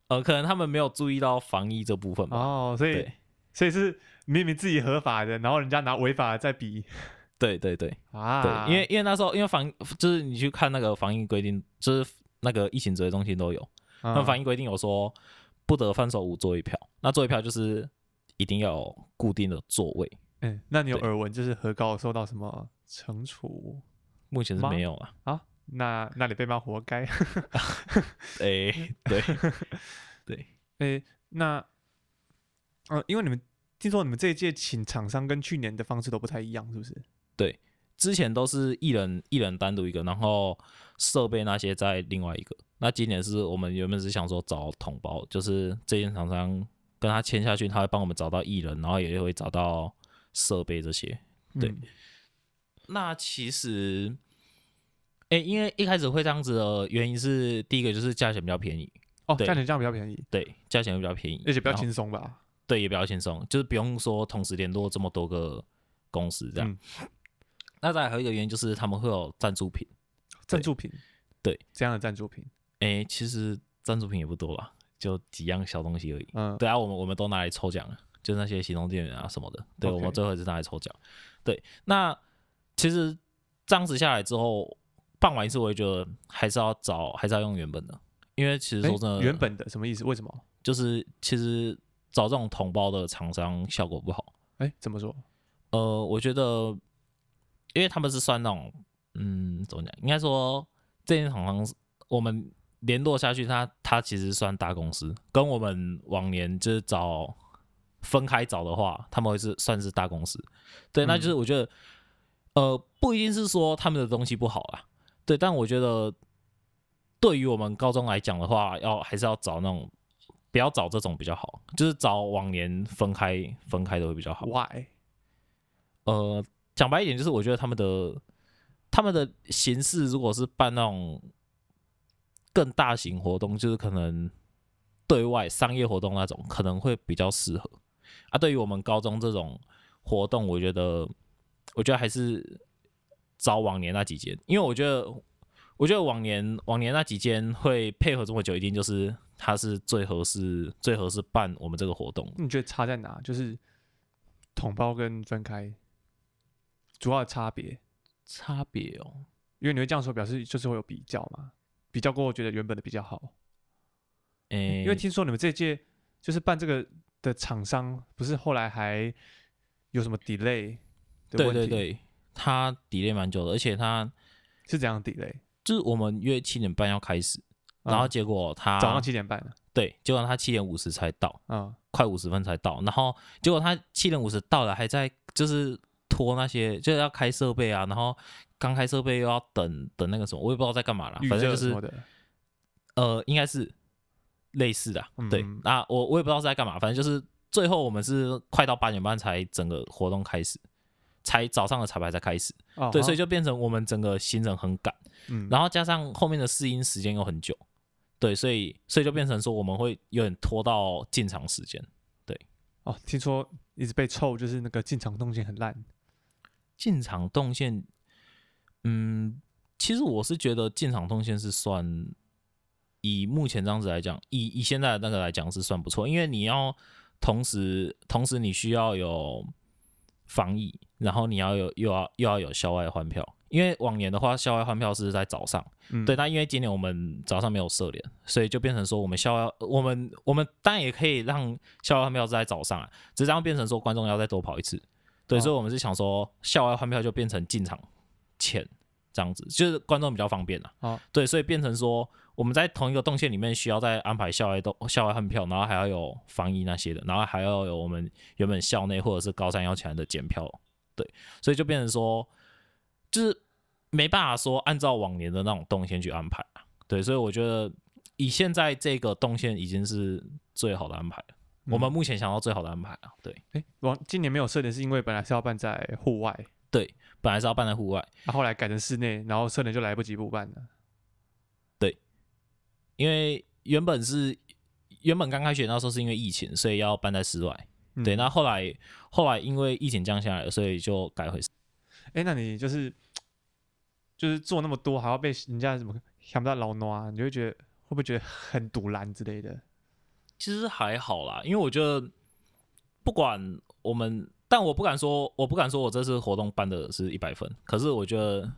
呃，可能他們沒有注意到防疫這部分哦，所以，對所以是。明明自己合法的，然後人家拿違法的再比，對對對啊哇！因為因為那時候，因為防就是你去看那個防疫規定，就是那個疫情指揮中心都有，啊、那防疫規定有說不得分手無座位票，那座位票就是一定要有固定的座位。嗯，那你有耳聞就是和高受到什麼懲處？對目前是沒有啊。啊，那那你被罵活該。哎、 <laughs> 啊，對，對，哎，那，呃，因為你們。聽說你們這一屆請廠商跟去年的方式都不太一樣，是不是？對，之前都是藝人藝人單獨一個，然後設備那些在另外一個。那今年是我們原本是想說找統包，就是這間廠商跟他簽下去，他會幫我們找到藝人，然後也會找到設備這些。對，嗯、那其實，哎、欸，因為一開始會這樣子的原因是，第一個就是價錢比較便宜。哦，價對錢這樣比較便宜。對，價錢會比較便宜，而且比較輕鬆吧。對，也比較輕鬆，就是不用說同時聯絡這麼多個公司這樣。嗯、那再來還有一個原因就是，他們會有贊助品。贊助品，對，對對這樣的贊助品。哎、欸，其實贊助品也不多吧，就幾樣小東西而已。嗯，對啊，我們我們都拿來抽獎了，就是，那些行動電源啊什麼的。對，Okay 我們最後一次拿來抽獎。對，那其實這樣子下來之後，辦完一次，我也覺得還是要找，還是要用原本的，因為其實說真的，欸、原本的什麼意思？為什麼？就是其實。找這種同胞的廠商效果不好，哎、欸，怎麼說？呃，我覺得，因為他們是算那種，嗯，怎麼講？應該說，這間廠商我們聯絡下去，他他其實算大公司，跟我們往年就是找分開找的話，他們會是算是大公司。對，那就是我覺得，嗯、呃，不一定是說他們的東西不好啦，對，但我覺得，對於我們高中來講的話，要還是要找那種。不要找這種比較好，就是找往年分開分開的會比較好。Why？呃，講白一點，就是我覺得他們的他們的形式，如果是辦那種更大型活動，就是可能對外商業活動那種，可能會比較適合啊。對於我們高中這種活動，我覺得我覺得還是找往年那幾間，因為我覺得。我覺得往年往年那幾間會配合這麼久，一定就是它是最合適最合適辦我們這個活動。你覺得差在哪？就是統包跟分開主要的差別？差別哦，因為你會這樣說，表示就是會有比較嘛？比較過後覺得原本的比較好。哎、欸，因為聽說你們這屆就是辦這個的廠商，不是後來還有什麼 delay？對對對，他 delay 蠻久的，而且他是怎樣 delay？就是我們約七點半要開始，然後結果他、嗯、早上七點半對，結果他七點五十才到，嗯、快五十分才到，然後結果他七點五十到了，還在就是拖那些，就是要開設備啊，然後剛開設備又要等等那個什麼，我也不知道在幹嘛了，反正就是，呃，應該是類似的、啊，對，那、嗯啊、我我也不知道是在幹嘛，反正就是最後我們是快到八點半才整個活動開始。才早上的彩排才開始，哦、對，哦、所以就變成我們整個行程很趕，嗯，然後加上後面的試音時間又很久，對，所以所以就變成說我們會有點拖到進場時間，對，哦，聽說一直被臭，就是那個進場動線很爛，進場動線，嗯，其實我是覺得進場動線是算以目前這樣子來講，以以現在的那個來講是算不錯，因為你要同時同時你需要有防疫。然後你要有又要又要有校外換票，因為往年的話校外換票是在早上，對。但因為今年我們早上沒有設點，所以就變成說我們校外我們我們當然也可以讓校外換票是在早上啊，只是這樣變成說觀眾要再多跑一次，對。所以我們是想說校外換票就變成進場前這樣子，就是觀眾比較方便了啊。對，所以變成說我們在同一個動線裡面需要再安排校外動校外換票，然後還要有防疫那些的，然後還要有我們原本校內或者是高三要起來的檢票。對，所以就變成說，就是沒辦法說按照往年的那種動線去安排了啊。對，所以我覺得以現在這個動線已經是最好的安排，嗯、我們目前想到最好的安排啊。對，哎、欸，往今年沒有設點是因為本來是要辦在戶外，對，本來是要辦在戶外啊，後來改成室內，然後設點就來不及補辦了。對，因為原本是原本剛開學那時候是因為疫情，所以要辦在室外。對，那後來後來因為疫情降下來了，所以就改回。哎、嗯，那你就是就是做那麼多，還要被人家怎麼想不到老啊，你會覺得會不會覺得很堵攔之類的？其實還好啦，因為我覺得不管我們，但我不敢說，我不敢說我這次活動辦的是一百分，可是我覺得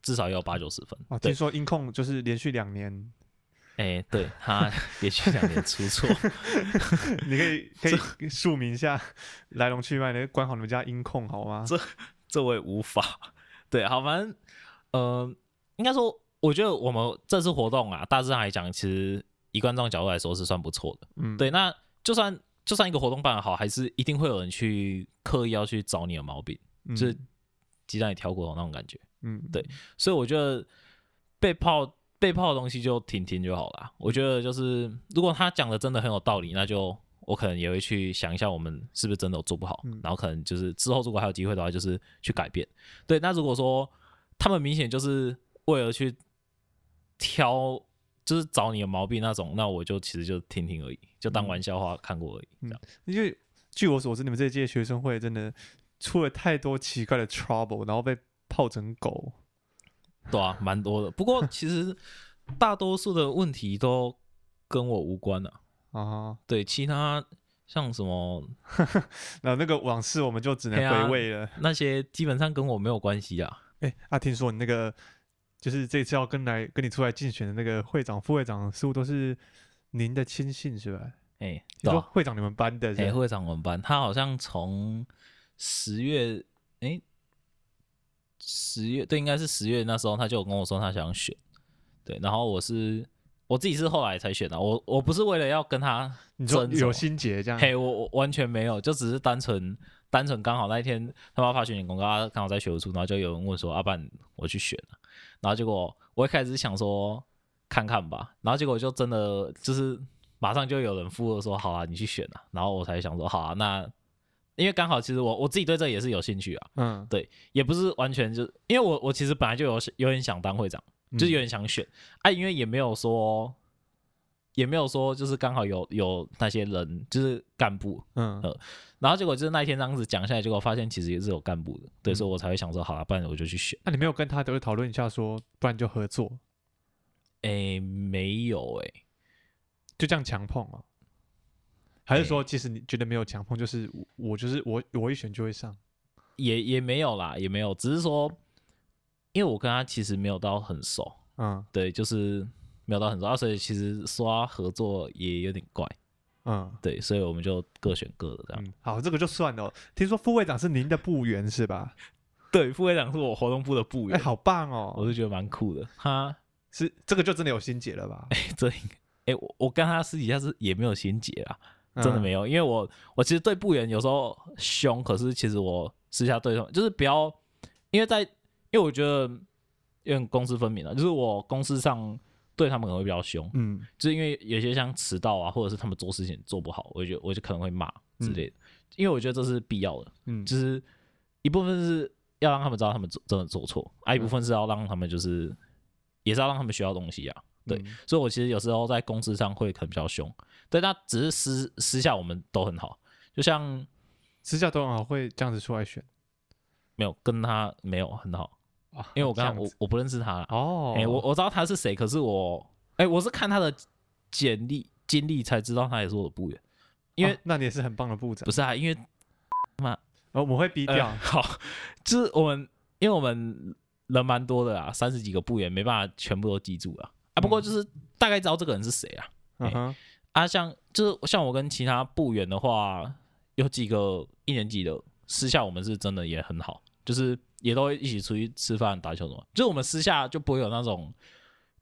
至少也有八九十分。哦，對聽說音控就是連續兩年。哎、欸，對他也確實也出錯， <laughs> <laughs> 你可以可以說明一下 <laughs> 來龍去脈呢，關好你們家音控好嗎？這這我也無法。對，好，反正，嗯、呃，應該說，我覺得我們這次活動啊，大致上來講，其實以觀眾角度來說是算不錯的。嗯，對，那就算就算一個活動辦好，還是一定會有人去刻意要去找你有毛病，嗯，就是雞蛋裡挑骨頭那種感覺。嗯，對，所以我覺得被炮。被泡的東西就聽聽就好了。我覺得就是，如果他講的真的很有道理，那就我可能也會去想一下，我們是不是真的做不好。然後可能就是之後如果還有機會的話，就是去改變。對，那如果說他們明顯就是為了去挑，就是找你的毛病那種，那我就其實就聽聽而已，就當玩笑話看過而已嗯。嗯，因為據我所知，你們這屆學生會真的出了太多奇怪的 trouble，然後被泡成狗。 <laughs> 對啊，蠻多的。不過其實大多數的問題都跟我無關的啊。Uh huh. 對，其他像什麼，那 <laughs> 那個往事我們就只能回味了。啊、那些基本上跟我沒有關係啊。哎、欸，啊，聽說你那個就是這次要跟來跟你出來競選的那個會長、副會長，似乎都是您的親信，是吧？哎、欸，對、啊。就說會長你們班的？哎、欸，會長我們班，他好像從十月哎。欸十月對，應該是十月那時候，他就跟我說他想選，對，然後我是我自己是後來才選的，啊，我我不是為了要跟他，你說有心結這樣，嘿我，我完全沒有，就只是單純單純剛好那一天他們發選檢廣告，剛、啊、好在學務處然後就有人問說啊，不然、啊、我去選了，啊，然後結果我一開始想說看看吧，然後結果就真的就是馬上就有人附和說好啊你去選了，啊，然後我才想說好啊，那。因為剛好，其實我我自己對這也是有興趣啊。嗯，對，也不是完全就是，因為我我其實本來就有有點想當會長，就是有點想選、嗯、啊。因為也沒有說也沒有說，就是剛好有有那些人就是幹部，嗯，然後結果就是那一天這樣子講下來，結果發現其實也是有幹部的，嗯、對，所以我才會想說，好啊，不然我就去選。嗯、那你沒有跟他都會討論一下說，說不然就合作？哎、欸，沒有哎、欸，就這樣強碰啊、喔。還是說，其實你覺得沒有強碰，就是我就是我我一選就會上，也也沒有啦，也沒有，只是說，因為我跟他其實沒有到很熟，嗯，對，就是沒有到很熟啊，所以其實說合作也有點怪，嗯，對，所以我們就各選各的這樣、嗯。好，這個就算了。聽說副會長是您的部員是吧？ <laughs> 對，副會長是我活動部的部員。哎、欸，好棒哦，我是覺得蠻酷的。哈，是這個就真的有心結了吧？哎、欸，這，哎、欸，我我跟他私底下是也沒有心結啊。真的沒有，啊、因為我我其實對部員有時候凶，可是其實我私下對他們就是比較，因為在因為我覺得因為公私分明了、啊，就是我公司上對他們可能會比較凶，嗯，就是因為有些像遲到啊，或者是他們做事情做不好，我就我就可能會罵之類的，嗯、因為我覺得這是必要的，嗯，就是一部分是要讓他們知道他們做真的做錯，還有、嗯啊、一部分是要讓他們就是也是要讓他們學到東西呀、啊，對，嗯、所以我其實有時候在公司上會可能比較凶。對他只是私私下我們都很好，就像私下都很好，會這樣子出來選，沒有跟他沒有很好，哇因為我剛我我不認識他哦，欸、我我知道他是誰，可是我、欸、我是看他的簡歷經歷才知道他也是我的部員。因為、啊、那你也是很棒的部長。不是啊，因為嘛，哦我會低調、呃，好，就是我們因為我們人蠻多的啊，三十幾個部員沒辦法全部都記住了，啊不過就是大概知道這個人是誰啊，嗯哼。欸 uh huh. 他，啊，像就是像我跟其他部員的話，有幾個一年級的私下我們是真的也很好，就是也都一起出去吃飯、打球什麼。就是我們私下就不會有那種，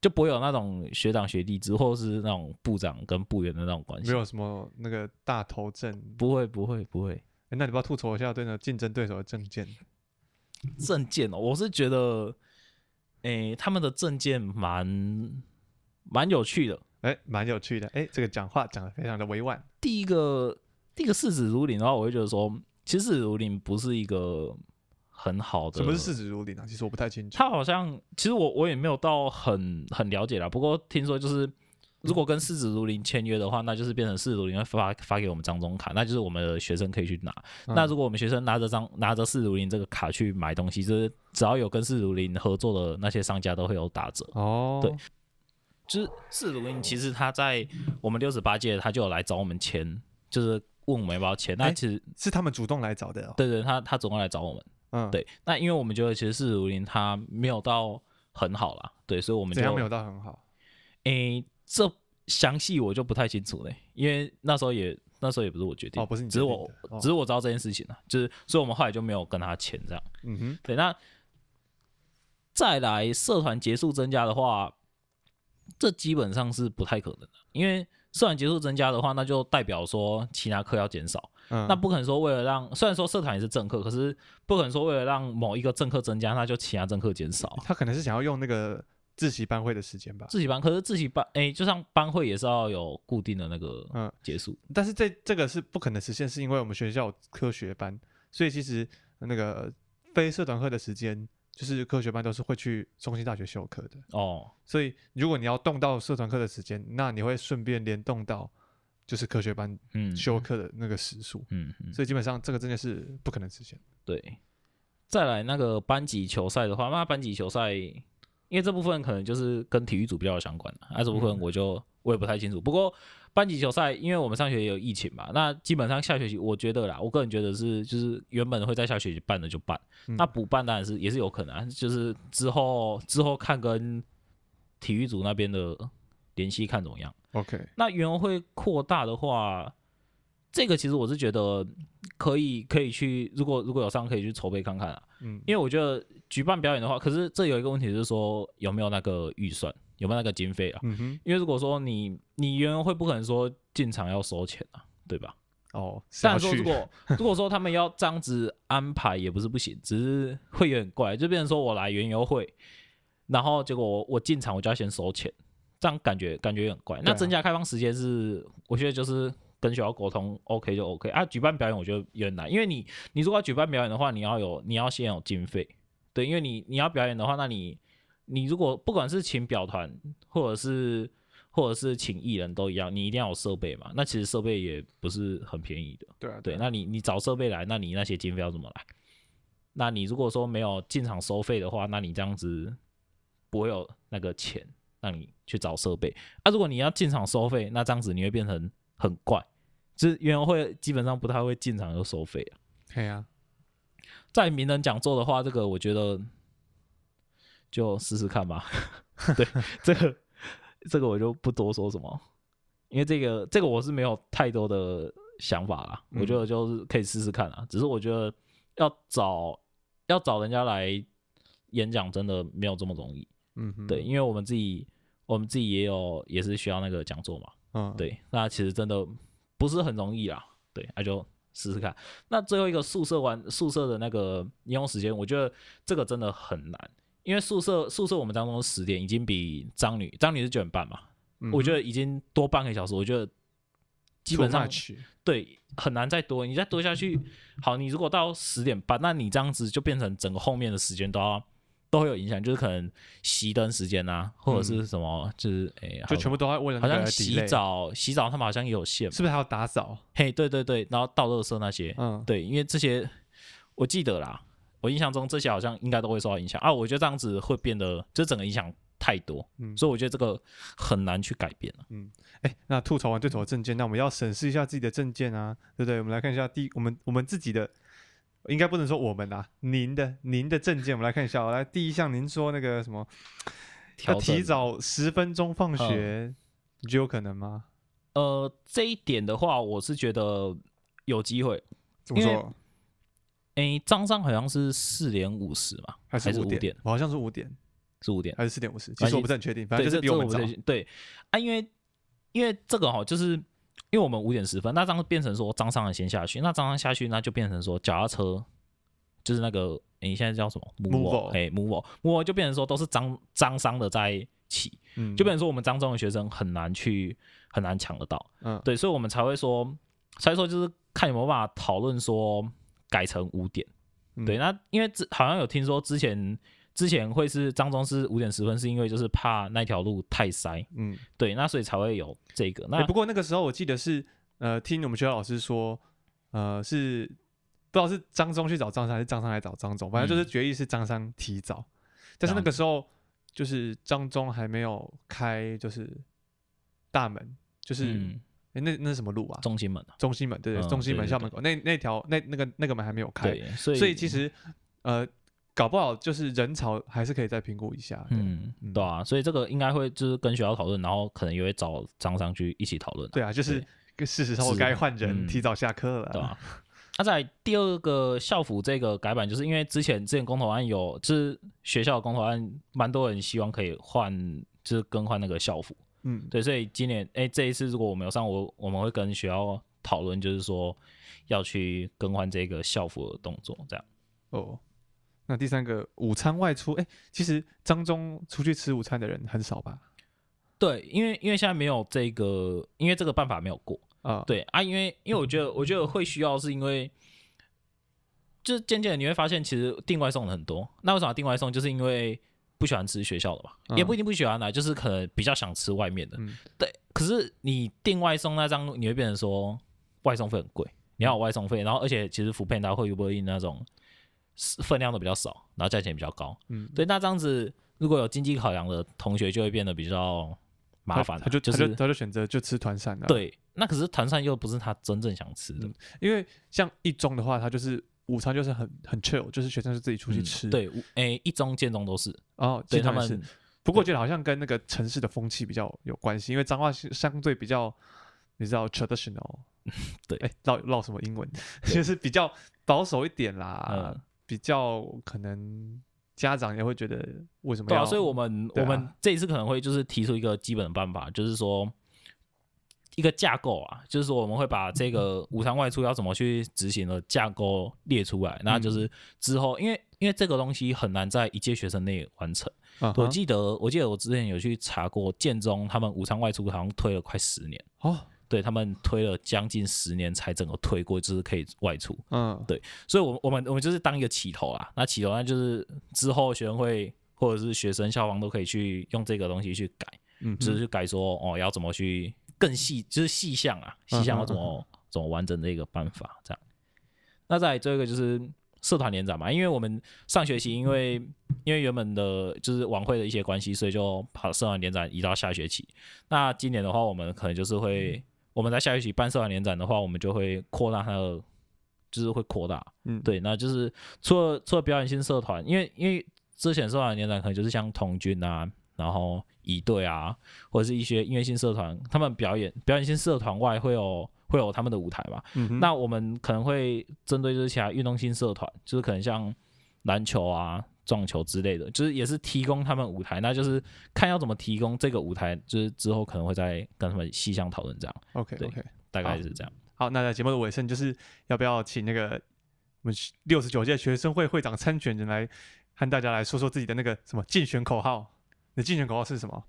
就不會有那種學長學弟制，或是那種部長跟部員的那種關係。沒有什麼那個大頭症，不會不會不會。哎，欸，那你不要吐槽一下對那競爭對手的政見？政見 <laughs> 哦，我是覺得，哎，欸，他們的政見蠻蠻有趣的。哎，蠻、欸、有趣的。哎、欸，這個講話講得非常的委婉。第一個，第一個四子如林的話，我會覺得說，其實四子如林不是一個很好的。什麼是四子如林呢、啊？其實我不太清楚。他好像，其實我我也沒有到很很了解啦。不過聽說就是，如果跟四子如林签約的話，那就是變成四子如林发发給我們彰中卡，那就是我們的學生可以去拿。嗯、那如果我們學生拿着張拿着四子如林這個卡去買東西，就是只要有跟四子如林合作的那些商家都會有打折哦。對。就是是如林，其實他在我們六十八屆，他就有來找我們簽，就是問我們要不要簽。欸、那其實是他們主動來找的、喔。對對，對他，他他主動來找我們。嗯，對。那因為我們覺得，其實是如林他沒有到很好啦，對，所以我們就沒有到很好。誒、欸，這詳細我就不太清楚嘞、欸，因為那時候也那時候也不是我決定，哦，不是你，只是我、哦、只是我知道這件事情啊，就是，所以我們後來就沒有跟他簽這樣。嗯哼，對。那再來社團結束增加的話。這基本上是不太可能的，因為社團結束增加的話，那就代表說其他課要減少。嗯，那不可能說為了讓，雖然說社團也是正課，可是不可能說為了讓某一個正課增加，那就其他正課減少。他可能是想要用那個自習班會的時間吧？自習班可是自習班，哎、欸，就像班會也是要有固定的那個嗯結束。嗯、但是這這個是不可能實現，是因為我們學校有科學班，所以其實那個非社團課的時間。就是科學班都是會去中興大學修課的哦，所以如果你要動到社團課的時間，那你會順便聯動到就是科學班嗯修課的那個時數嗯，所以基本上這個真的是不可能實現。嗯嗯嗯。對，再來那個班級球賽的話，那班級球賽。因為這部分可能就是跟體育組比較相關的，啊，那，嗯啊、這部分我就我也不太清楚。不過班級球賽，因為我們上學也有疫情嘛，那基本上下學期我覺得啦，我個人覺得是就是原本會在下學期辦的就辦，嗯、那補辦當然是也是有可能，啊，就是之後之後看跟體育組那邊的聯繫看怎麼樣。OK，那園會擴大的話。這個其實我是覺得可以，可以去。如果如果有商可以去籌備看看啊，嗯，因為我覺得舉辦表演的話，可是這有一個問題就是說有沒有那個預算，有沒有那個經費啊？嗯哼，因為如果說你你園遊會不可能說進場要收錢啊，對吧？哦，但是說如果如果說他們要這樣子安排也不是不行，只是會有點怪，就變成說我來園遊會，然後結果我我進場我就要先收錢，這樣感覺感覺有點怪。那增加開放時間是，我覺得就是。跟學校溝通，OK 就 OK 啊。舉辦表演，我覺得有點難，因為你，你如果要舉辦表演的話，你要有，你要先有經費，對，因為你你要表演的話，那你，你如果不管是請表團，或者是，或者是請藝人都一樣，你一定要有設備嘛。那其實設備也不是很便宜的，對啊，啊、對。那你，你找設備來，那你那些經費要怎麼來？那你如果說沒有進場收費的話，那你這樣子不會有那個錢讓你去找設備。啊，如果你要進場收費，那這樣子你會變成很，很怪。就是園遊會基本上不太會進場就收費啊。對啊，在名人講座的話，這個我覺得就試試看吧。 <laughs> 對， <laughs> 這個這個我就不多說什麼，因為這個這個我是沒有太多的想法了。嗯、我覺得就是可以試試看啦。只是我覺得要找要找人家來演講真的沒有這麼容易。嗯哼，對，因為我們自己我們自己也有也是需要那個講座嘛。嗯，對，那其實真的。不是很容易啦啊，對，那就試試看。那最後一個宿舍玩宿舍的那個應用時間，我覺得這個真的很難，因為宿舍宿舍我們當中十點已經比彰女彰女是九點半嘛，我覺得已經多半個小時，我覺得基本上對很難再多，你再多下去，好，你如果到十點半，那你這樣子就變成整個後面的時間都要。都會有影響，就是可能熄燈時間啊，或者是什麼，就是哎，就全部都會為了好像洗澡，洗澡他們好像也有限，是不是還要打掃？嘿，對對對，然後倒垃圾那些，嗯，對，因為這些我記得啦，我印象中這些好像應該都會受到影響啊。我覺得這樣子會變得，就整個影響太多，嗯，所以我覺得這個很難去改變了，嗯，哎、欸，那吐槽完對頭的證件，那我們要審視一下自己的證件啊，對不對？我們來看一下第我們我們自己的。應該不能說我們吶，您的您的政見，我們來看一下。來，第一項，您說那個什麼，要提早十分鐘放學，你覺得有可能嗎？呃，這一點的話，我是覺得有機會。怎麼說？哎，彰中好像是四點五十嘛，還是五點？好像是五點，是五點，還是四點五十？其實我不是很確定，反正就是比我們早。對啊，因為因為這個哦，就是。因為我們五點十分，那張變成說彰商的先下去，那彰商下去，那就變成說腳踏車，就是那個你、欸、現在叫什麼？move m o v e move,、欸、move, move 就變成說都是彰彰商的在一起，嗯，就變成說我們彰中的學生很難去很難搶得到，嗯，對，所以我們才會說，所以說就是看有沒有辦法討論說改成五點，嗯、對，那因為好像有聽說之前。之前會是彰中是五點十分，是因為就是怕那條路太塞，嗯，對，那所以才會有這個。那、欸、不過那個時候我記得是呃聽我們學校老師說，呃是不知道是彰中去找張三，還是張三來找彰中，反正就是決議是張三提早。嗯、但是那個時候就是彰中還沒有開就是大門，就是、嗯欸、那那是什麼路啊？中心門啊，中心門對對，嗯、中心門校門口那那條那那個那個門還沒有開，對所以所以其實呃。搞不好就是人潮還是可以再評估一下，嗯，對啊，所以這個應該會就是跟學校討論，然後可能也會找廠商，商去一起討論。對啊，就是事實上我該換人提早下課了、嗯，對吧、啊？那在、 <laughs> 啊、第二個校服這個改版，就是因為之前之前公投案有，就是學校的公投案，蠻多人希望可以換，就是更換那個校服。嗯，對，所以今年哎、欸，這一次如果我沒有上，我我們會跟學校討論，就是說要去更換這個校服的動作，這樣。哦。那第三個午餐外出，哎，其實彰中出去吃午餐的人很少吧？對，因為因為現在沒有這個，因為這個辦法沒有過啊。哦、對啊，因為因為我覺得、嗯、我覺得會需要，是因為就是漸漸的你會發現，其實訂外送的很多。那為什麼訂外送？就是因為不喜歡吃學校的嘛，嗯、也不一定不喜歡啦，就是可能比較想吃外面的。嗯、對。可是你訂外送那張，你會變成說外送費很貴，你要有外送費，然後而且其實輔配他會有不印那種。分量都比較少，然後價錢也比較高。嗯，對，那這樣子，如果有經濟考量的同學，就會變得比較麻煩了。他就他就他就選擇就吃團膳了。對，那可是團膳又不是他真正想吃的，因為像一中的話，他就是午餐就是很很 chill，就是學生是自己出去吃。對，哎，一中、建中都是哦，對他們。不過我覺得好像跟那個城市的風氣比較有關係，因為彰化是相對比較，你知道 traditional，對，哎，烙烙什麼英文，就是比較保守一點啦。比較可能家長也會覺得為什麼要，對啊，所以我們、啊、我們這一次可能會就是提出一個基本的辦法，就是說一個架構啊，就是說我們會把這個午餐外出要怎麼去執行的架構列出來，那、嗯、就是之後，因為因為這個東西很難在一屆學生內完成。嗯、我記得我記得我之前有去查過建中，他們午餐外出好像推了快十年哦。對他們推了將近十年才整個推過，就是可以外出。嗯、啊，對，所以，我我們我們就是當一個起頭啦。那起頭，那就是之後學生會或者是學生校方都可以去用這個東西去改，嗯，嗯，就是去改說哦，要怎麼去更細，就是細項啊，細項要怎麼啊啊啊怎麼完整的一個辦法，這樣。那在這個就是社團年展嘛，因為我們上學期因為因為原本的就是晚會的一些關係，所以就把社團年展移到下學期。那今年的話，我們可能就是會。嗯我們在下學期辦社團聯展的話，我們就會擴大它的，就是會擴大，嗯、對，那就是除了除了表演性社團，因為因為之前社團聯展可能就是像童軍啊，然後儀隊啊，或者是一些音樂性社團，他們表演表演性社團外會有會有他們的舞台嘛，嗯、哼那我們可能會針對這些其他運動性社團，就是可能像籃球啊。撞球之類的，就是也是提供他們舞台，那就是看要怎麼提供這個舞台，就是之後可能會再跟他們細項討論這樣。OK OK，大概是這樣。好,好，那在節目的尾聲，就是要不要請那個我們六十九屆學生會會長參選人來和大家來說說自己的那個什麼競選口號？你競選口號是什麼？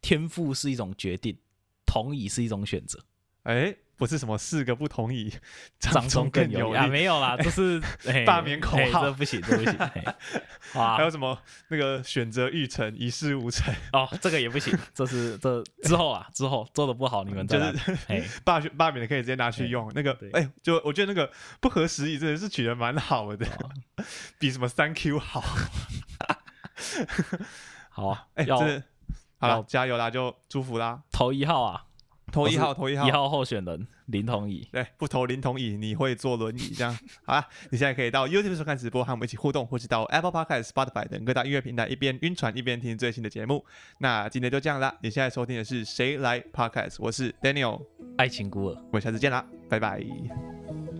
天賦是一種決定，同意是一種選擇。哎、欸。不是什麼四個不同意，彰中更有力。沒有啦，這是罷免口號，這不行，這不行。還有什麼那個選擇預成，一事無成哦，這個也不行，這是這之後啊，之後做的不好，你們就是罷罷免的，可以直接拿去用。那個哎，就我覺得那個不合時宜，真的是取得蠻好的，比什麼 3Q 好。好啊，哎，要好了，加油啦，就祝福啦，投一號啊。投一號，投一號，一號候選人林桐以。對，不投林桐以，你會坐輪椅 <laughs> 這樣。好啦，你現在可以到 YouTube 收看直播，和我們一起互動，或是到 Apple Podcast、Spotify 等各大音樂平台一邊暈船一邊聽最新的節目。那今天就這樣啦，你現在收聽的是《誰來 Podcast》，我是 Daniel，愛情孤兒，我們下次見啦，拜拜。